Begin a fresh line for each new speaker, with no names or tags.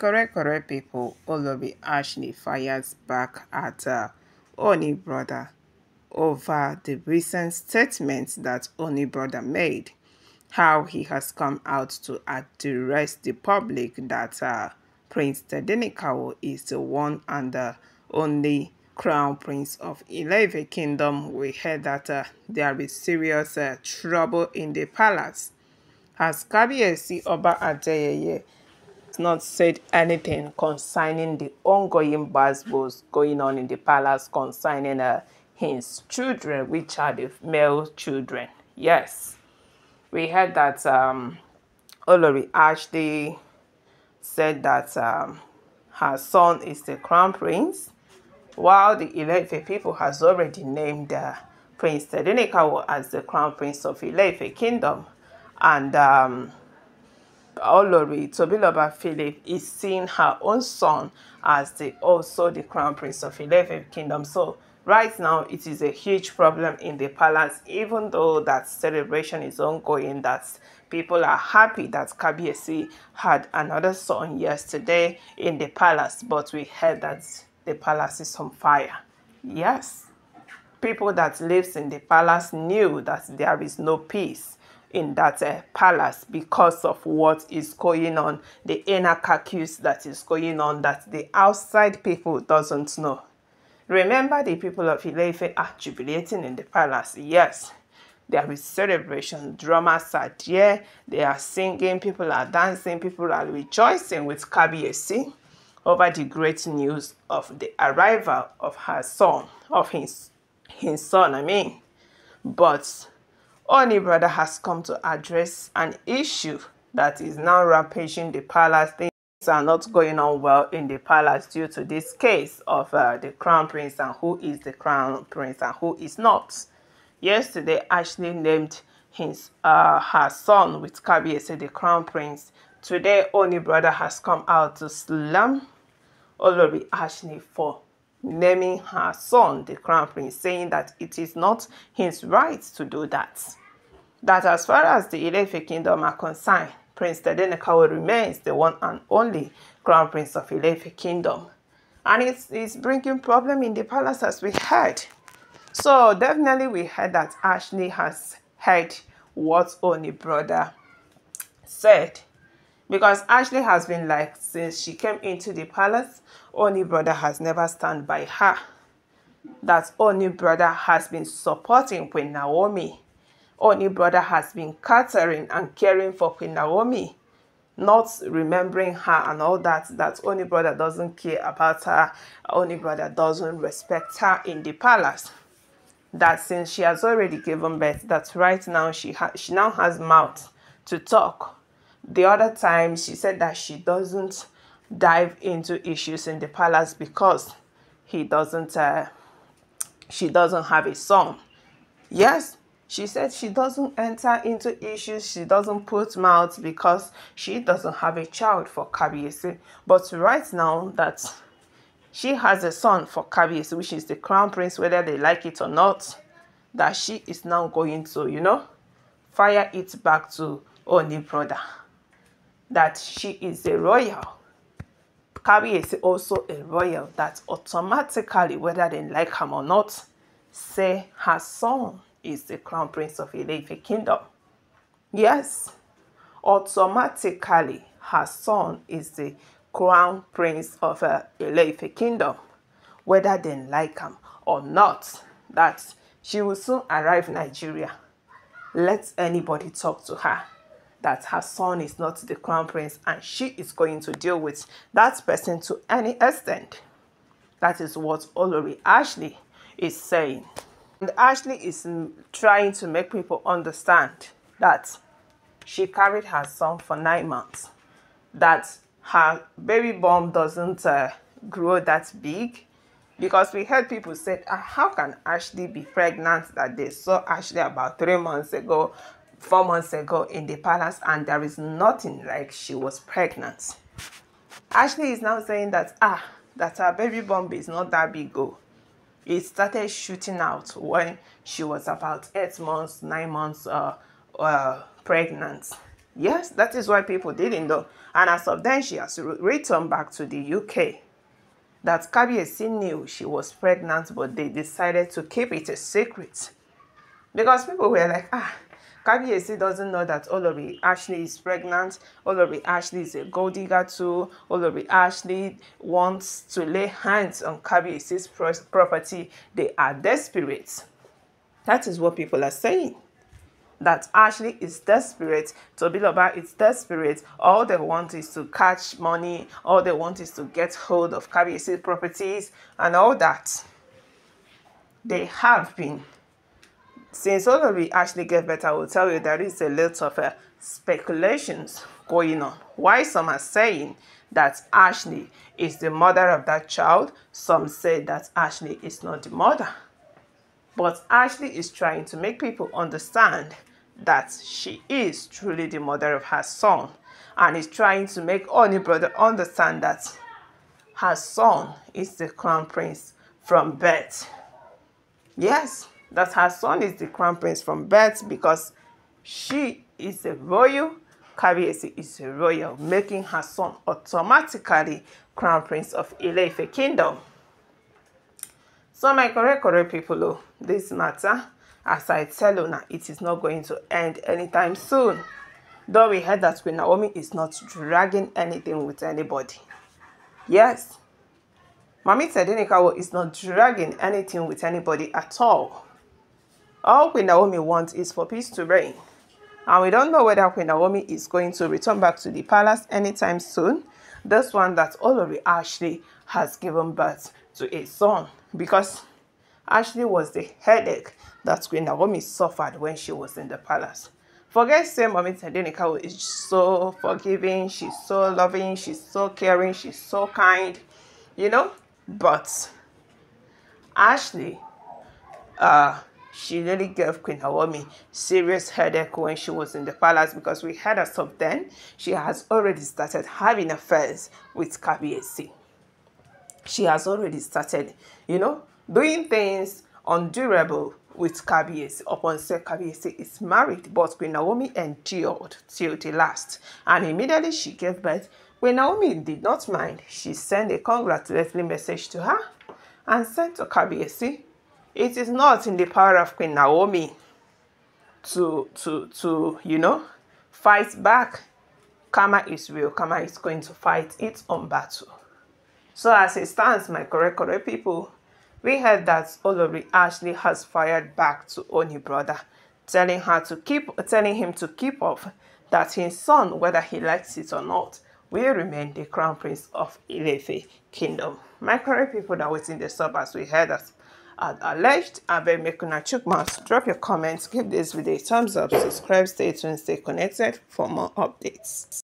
correct correct people Olobi Ashley fires back at uh, Oni brother over the recent statements that Oni brother made how he has come out to address the public that uh, Prince Tedenikawo is the one and the only crown prince of Ileve kingdom. We heard that uh, there is serious uh, trouble in the palace. As Kabiesi Oba Adeyeye not said anything concerning the ongoing buzzwords going on in the palace concerning uh, his children, which are the male children. Yes, we heard that um, Olori Ashley said that um, her son is the crown prince, while the Ileife people has already named uh, Prince Tedinikawa as the crown prince of Ileife kingdom. And um, Olori Tobiloba Philip is seeing her own son as the also the crown prince of Eleven Kingdom. So right now it is a huge problem in the palace, even though that celebration is ongoing, that people are happy that Kabiesi had another son yesterday in the palace, but we heard that the palace is on fire. Yes, people that lives in the palace knew that there is no peace in that uh, palace because of what is going on, the inner caucus that is going on that the outside people doesn't know. Remember the people of Ilefe are jubilating in the palace, yes. There is celebration, drummers are there, they are singing, people are dancing, people are rejoicing with Kabiesi over the great news of the arrival of her son, of his, his son, I mean. But Oni brother has come to address an issue that is now rampaging the palace. Things are not going on well in the palace due to this case of uh, the crown prince and who is the crown prince and who is not. Yesterday, Ashley named his uh, her son with as the crown prince. Today, Oni brother has come out to slam Olori Ashley for naming her son the crown prince, saying that it is not his right to do that that as far as the Ilefe kingdom are concerned, Prince Tedenekawe remains the one and only crown prince of Ilefe kingdom. And it's, it's bringing problem in the palace as we heard. So definitely we heard that Ashley has heard what Only brother said. Because Ashley has been like, since she came into the palace, Only brother has never stand by her. That Only brother has been supporting Queen Naomi only brother has been catering and caring for Queen Naomi, not remembering her and all that, that only brother doesn't care about her, Only brother doesn't respect her in the palace. That since she has already given birth, that right now she, she now has mouth to talk. The other time she said that she doesn't dive into issues in the palace because he doesn't uh, she doesn't have a son yes she said she doesn't enter into issues, she doesn't put mouth because she doesn't have a child for Kabiesi. But right now that she has a son for Kabiesi, which is the crown prince, whether they like it or not, that she is now going to, you know, fire it back to only brother. That she is a royal. Kabiesi also a royal that automatically, whether they like him or not, say her son is the crown prince of Ileife kingdom. Yes, automatically her son is the crown prince of a uh, Ileife kingdom, whether they like him or not. That she will soon arrive Nigeria. Let anybody talk to her that her son is not the crown prince and she is going to deal with that person to any extent. That is what Olori Ashley is saying. And Ashley is trying to make people understand that she carried her son for nine months, that her baby bump doesn't uh, grow that big. Because we heard people say, ah, how can Ashley be pregnant that they saw Ashley about three months ago, four months ago in the palace and there is nothing like she was pregnant. Ashley is now saying that, ah, that her baby bump is not that big, oh it started shooting out when she was about eight months, nine months uh, uh, pregnant. Yes, that is why people didn't know. And as of then, she has returned back to the UK. That Kabiesi knew she was pregnant, but they decided to keep it a secret. Because people were like, ah, Kabiesi doesn't know that Olori Ashley is pregnant. Olori Ashley is a gold digger too. Olori Ashley wants to lay hands on Kabiesi's property. They are desperate. That is what people are saying. That Ashley is desperate, Tobiloba is desperate. All they want is to catch money. All they want is to get hold of Kabiesi's properties and all that. They have been since all of you actually get better, I will tell you there is a lot of uh, speculations going on. Why some are saying that Ashley is the mother of that child, some say that Ashley is not the mother. But Ashley is trying to make people understand that she is truly the mother of her son and is trying to make only brother understand that her son is the crown prince from birth. Yes, that her son is the crown prince from birth because she is a royal, Kabiyesi is a royal, making her son automatically crown prince of ile kingdom. So my correct correct people, oh, this matter, as I tell now, it is not going to end anytime soon. Though we heard that Queen Naomi is not dragging anything with anybody. Yes, Mami Tedinikawa is not dragging anything with anybody at all. All Queen Naomi wants is for peace to reign. And we don't know whether Queen Naomi is going to return back to the palace anytime soon. This one that Olori Ashley has given birth to a son because Ashley was the headache that Queen Naomi suffered when she was in the palace. Forget same Mommy Tedenikawo is so forgiving, she's so loving, she's so caring, she's so kind, you know? But Ashley uh, she really gave Queen Naomi serious headache when she was in the palace because we heard as of then she has already started having affairs with Kabiesi. She has already started, you know, doing things undurable with Kabiesi upon say Kabiesi is married, but Queen Naomi endured till the last. And immediately she gave birth. When Naomi did not mind, she sent a congratulatory message to her and sent to Kabiesi it is not in the power of Queen Naomi to to to you know fight back. Karma is real. Karma is going to fight its own battle. So as it stands, my correct correct people, we heard that Olori Ashley has fired back to Oni brother, telling her to keep telling him to keep off that his son, whether he likes it or not, will remain the crown prince of Ilefe kingdom. My correct people that in the sub as we heard that alleged. I've been making a check marks. Drop your comments, give this video a thumbs up, subscribe, stay tuned, stay connected for more updates.